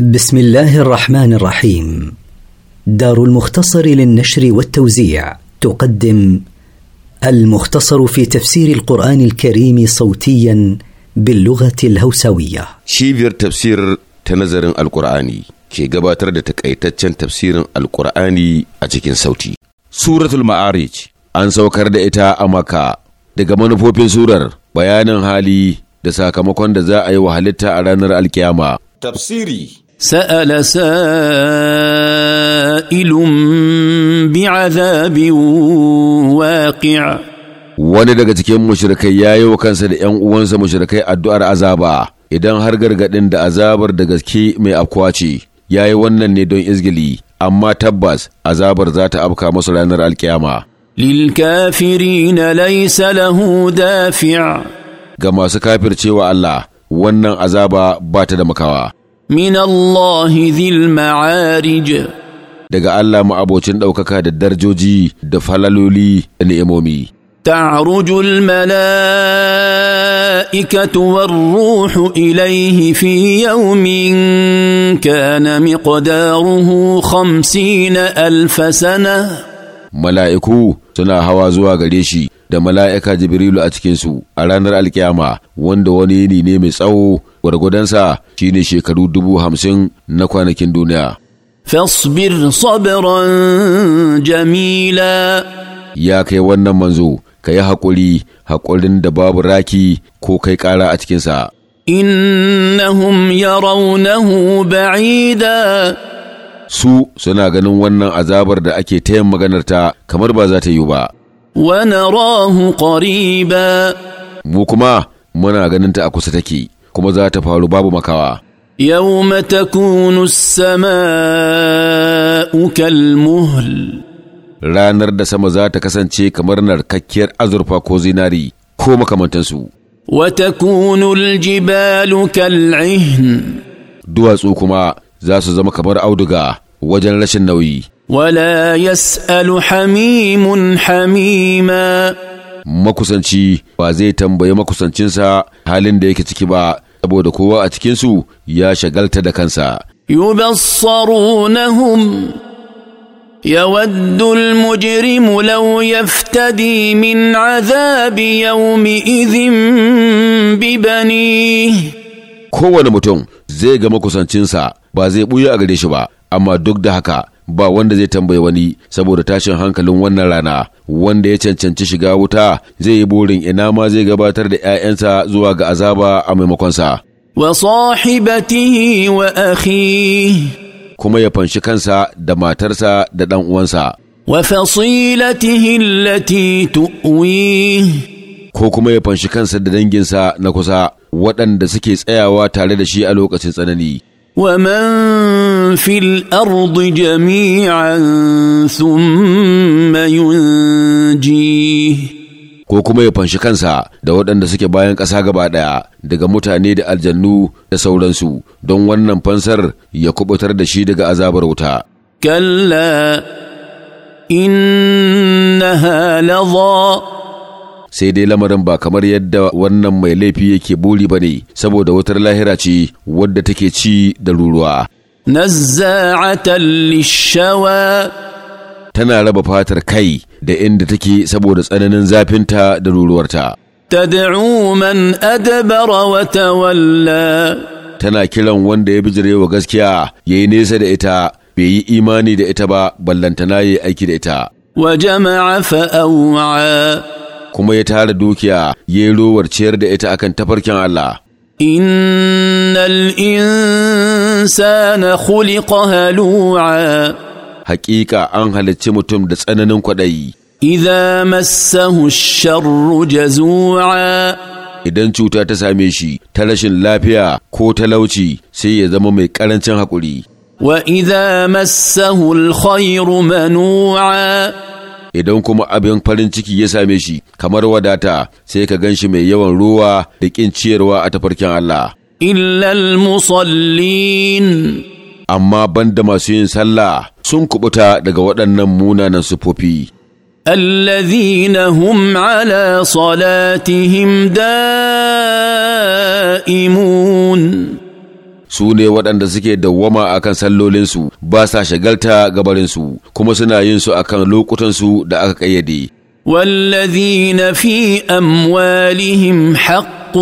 بسم الله الرحمن الرحيم دار المختصر للنشر والتوزيع تقدم المختصر في تفسير القرآن الكريم صوتيا باللغة الهوسوية شيفير تفسير تنزر القرآني كي قباتر تكأيتتشن تفسير القرآني أجيكين صوتي سورة المعارج أن سوكر إتا أمكا daga manufofin surar bayanin hali da sakamakon da وحلتا على نر الكيامة تفسيري سال سائل بعذاب واقع wani daga cikin mushrikai ya yi wa kansa da ‘yan uwansa mushrikai addu'ar azaba idan har gargaɗin da azabar da gaske mai afkuwa ce ya yi wannan ne don izgili amma tabbas azabar za ta afka masu ranar alkiyama. للكافرين ليس له دافع ga masu kafircewa Allah wannan azaba ba ta da makawa من الله ذي المعارج daga Allah ma'abocin ɗaukaka da darjoji da falaloli da ni'imomi. تعرج الملائكة والروح إليه في يوم كان مقداره خمسين ألف سنة ملائكو سنة هوا زوا da mala'ika Jibrilu a cikinsu a ranar alkiyama wanda wani yini ne mai tsawo gwargwadonsa ne shekaru dubu hamsin na kwanakin duniya. Fasbir sabiran jamila Ya kai wannan manzo, ka yi haƙuri, haƙurin da babu raki ko kai ƙara a cikinsa. Innahum yarawnahu ba'ida Su suna ganin wannan azabar da ake tayan yin maganarta kamar ba za ta yi ba. ونراه قريبا mu kuma muna ganin ta a kusa take kuma za ta faru babu makawa يوم تكون السماء كالمهل ranar da sama za ta kasance kamar narkakkiyar azurfa ko zinari ko makamantansu. Wata Watakunul jibalu kal'ihin. duwatsu kuma za su zama kamar auduga wajen rashin nauyi. ولا يسأل حميم حميما makusanci ba zai tambayi makusancinsa halin da yake ciki ba saboda kowa a cikinsu ya shagalta da kansa yubassarunahum يود المجرم لو يفتدي من عذاب يومئذ ببنيه kowane mutum zai ga makusancinsa ba zai ɓuya a gare shi ba amma duk da haka ba wanda zai tambaye wani saboda tashin hankalin wannan rana wanda ya cancanci shiga wuta zai yi burin ina ma zai gabatar da 'ya'yansa zuwa ga azaba a maimakonsa. wa sahibatihi wa kuma ya fanshi kansa da matarsa da ɗan uwansa wa fasilatihi allati tu'wi ko kuma ya fanshi kansa da danginsa na kusa waɗanda suke tsayawa tare da shi a lokacin tsanani wa man في الارض جميعا ثم ينجيه ko kuma ya fanshi kansa da waɗanda suke bayan ƙasa gaba ɗaya daga mutane da aljannu da sauransu don wannan fansar ya kubutar da shi daga azabar wuta. Kalla innaha laza sai dai lamarin ba kamar yadda wannan mai laifi yake buri ba ne saboda wutar lahira ce wadda take ci da ruruwa. نزاعة للشوى tana raba fatar kai da inda take saboda tsananin zafinta da ruruwarta. Tad'u man adbara wa tawalla Tana kiran wanda ya bijire wa gaskiya yayi nesa da ita bai yi imani da ita ba ban ballantana yayi aiki da ita. Wa jama'a fa'awa kuma ya tara dukiya ya yi rowar ciyar da ita akan tafarkin Allah. ان الانسان خلق هلوعا حقيقه an halicci mutum da tsananin kwaɗayi idza massahu sharru jazu'a idan cuta ta same shi ta rashin lafiya ko talauci sai ya zama mai ƙarancin haƙuri wa idza massahu alkhairu manu'a idan kuma abin farin ciki ya same shi kamar wadata sai ka gan shi mai yawan ruwa da ƙin ciyarwa a tafarkin Allah. Illal musallin. Amma banda masu yin sallah sun kubuta daga waɗannan munanan sufofi. الذين هم على صلاتهم دائمون su ne waɗanda suke dawwama akan sallolinsu ba sa shagalta gabarinsu kuma suna yin su akan lokutansu da aka ƙayyade. wallazina fi amwalihim حق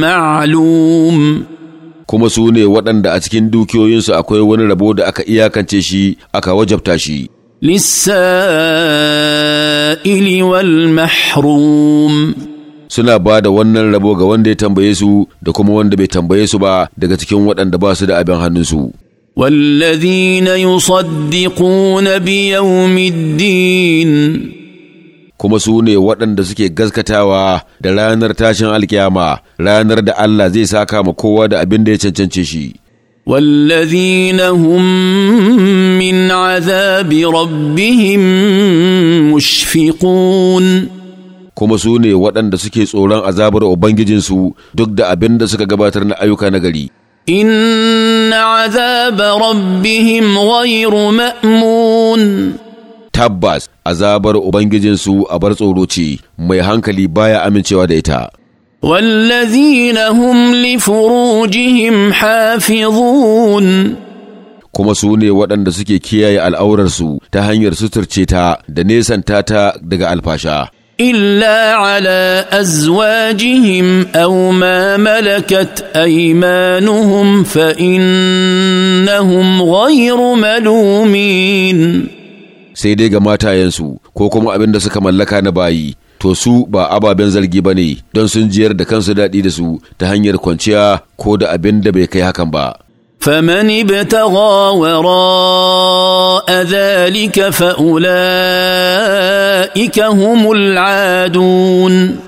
معلوم kuma su ne waɗanda a cikin dukiyoyinsu akwai wani rabo da aka iyakance shi aka wajabta shi. Lissa'ili wal mahrum suna ba da wannan rabo ga wanda ya tambaye su da kuma wanda bai tambaye su ba daga cikin waɗanda ba su da abin hannunsu. wallazina يصدقون biya الدين kuma su ne waɗanda suke gaskatawa da ranar tashin alkiyama ranar da Allah zai saka ma kowa da abin da ya cancance shi. والذين هم من عذاب ربهم مشفقون kuma su ne waɗanda suke tsoron azabar Ubangijinsu duk da abin da suka gabatar na ayyuka na gari. Inna azaba rabbihim ghayru ma'mun. Tabbas, azabar Ubangijinsu a bar tsoro ce, mai hankali baya amincewa da ita. والذين هم لفروجهم hafizun? kuma su ne waɗanda suke kiyaye al'aurarsu ta hanyar suturce ta da nesanta ta daga alfasha. الا على ازواجهم او ما ملكت ايمانهم فانهم غير ملومين sai dai ga matayensu ko kuma abin da suka mallaka na bayi to su ba ababen zargi ba ne don sun jiyar da kansu daɗi da su ta hanyar kwanciya ko da abin da bai kai hakan ba فمن ابتغى وراء ذلك فأولئك هم العادون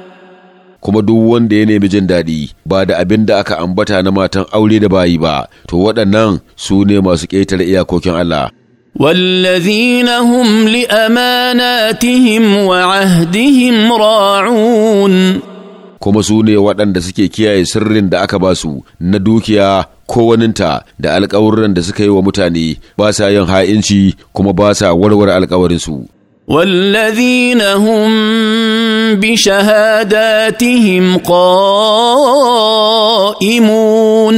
kuma duk wanda ya nemi jin daɗi ba da abin da aka ambata na matan aure da bayi ba to waɗannan su ne masu ƙetare iyakokin Allah والذين هم لأماناتهم وعهدهم راعون kuma su ne waɗanda suke kiyaye sirrin da aka ba su na dukiya ko waninta da alkawuran da suka yi wa mutane ba sa yin ha'inci kuma ba sa warware alkawarinsu. والذين هم بشهاداتهم قائمون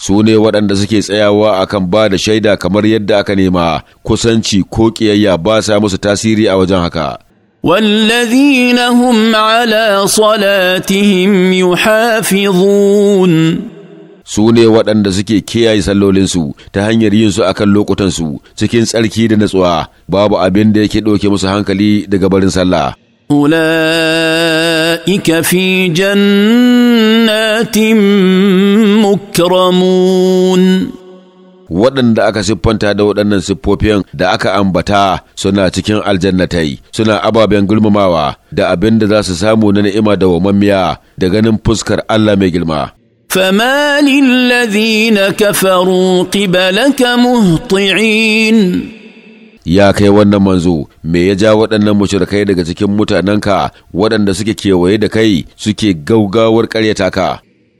su ne waɗanda suke tsayawa akan ba da shaida kamar yadda aka nema kusanci ko ƙiyayya ba sa musu tasiri a wajen haka والذين هم على صلاتهم يحافظون su ne waɗanda suke kiyaye sallolinsu ta hanyar yin su akan lokutansu cikin tsarki da natsuwa babu abin da yake ɗauke musu hankali daga barin sallah. Ula'ika fi jannatin mukramun waɗanda aka siffanta da waɗannan siffofin da aka ambata suna cikin aljannatai suna ababen gulmamawa da abin da za su samu na ni'ima da wamammiya da ganin fuskar Allah mai girma. فما ka كفروا قبلك مهطعين ya kai wannan manzo me ya ja waɗannan mashirkai daga cikin mutanenka waɗanda suke kewaye da kai suke gaugawar ƙaryata ka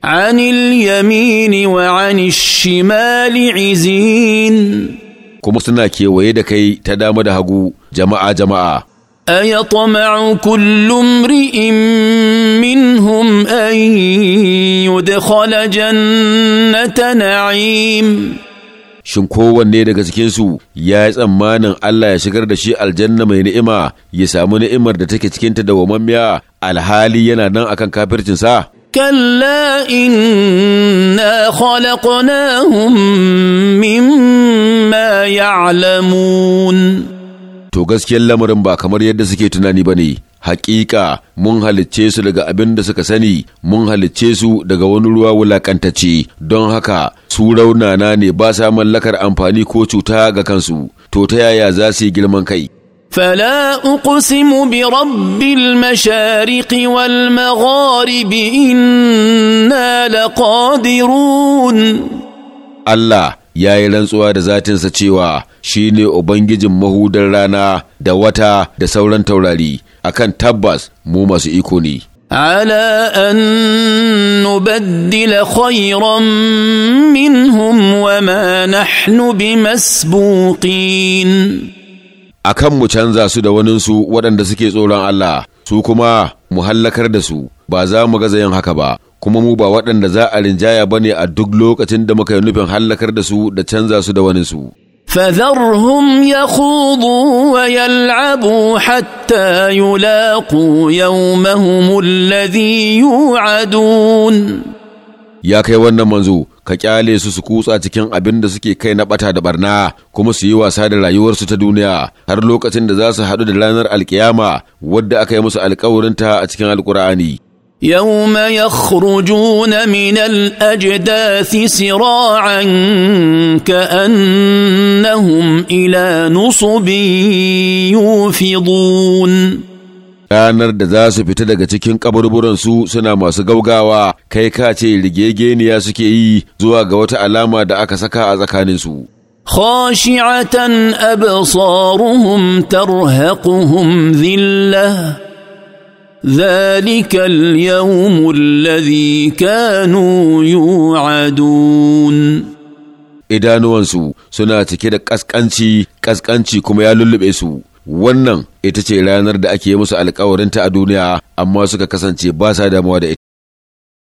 عن اليمين وعن الشمال عزين kuma suna kewaye da kai ta dama da hagu jama'a jama'a أيطمع كل امرئ منهم أن يدخل جنة نعيم Shin kowanne daga cikinsu ya yi tsammanin Allah ya shigar da shi aljanna mai ni'ima ya samu ni'imar da take cikinta da wamammiya alhali yana nan akan kafircinsa? كلا انا خلقناهم مما يعلمون to gaskiyar lamarin ba kamar yadda suke tunani bane ne hakika mun halicce su daga abin da suka sani mun halicce su daga wani ruwa wulakantacce don haka su raunana ne ba sa mallakar amfani ko cuta ga kansu to ta yaya za su yi girman kai فلا اقسم برب المشارق والمغارب انا لقادرون الله ya yi rantsuwa da zatinsa cewa shi ne Ubangijin mahudar rana da wata da sauran taurari, akan tabbas mu masu iko ne. على أن نبدل خيرا منهم وما نحن بمسبوقين akan mu canza su da waninsu waɗanda suke tsoron Allah su kuma mu hallakar da su ba za mu gaza yin haka ba kuma mu ba waɗanda za a rinjaya ba ne a duk lokacin da muka yi nufin hallakar da su da canza su da waninsu. فذرهم يخوضوا ويلعبوا حتى يلاقوا يومهم الذي يوعدون يا كي wannan manzo ka kyale su su kutsa cikin abin da suke kai na bata da barna kuma su yi wasa da rayuwarsu ta duniya har lokacin da za su haɗu da ranar alkiyama wadda aka yi musu alkawarinta a cikin alkur'ani يوم يخرجون من الاجداث سراعا كانهم الى نصب يوفضون ranar da za su fita daga cikin su suna masu gaugawa kai ka ce rigegeniya suke yi zuwa ga wata alama da aka saka a tsakaninsu. خاشعة أبصارهم ترهقهم ذلة ذلك اليوم الذي كانوا يوعدون idanuwansu suna cike da ƙasƙanci ƙasƙanci kuma ya lullube su wannan ita ce ranar da ake musu alkawarinta a duniya amma suka kasance ba sa damuwa da ita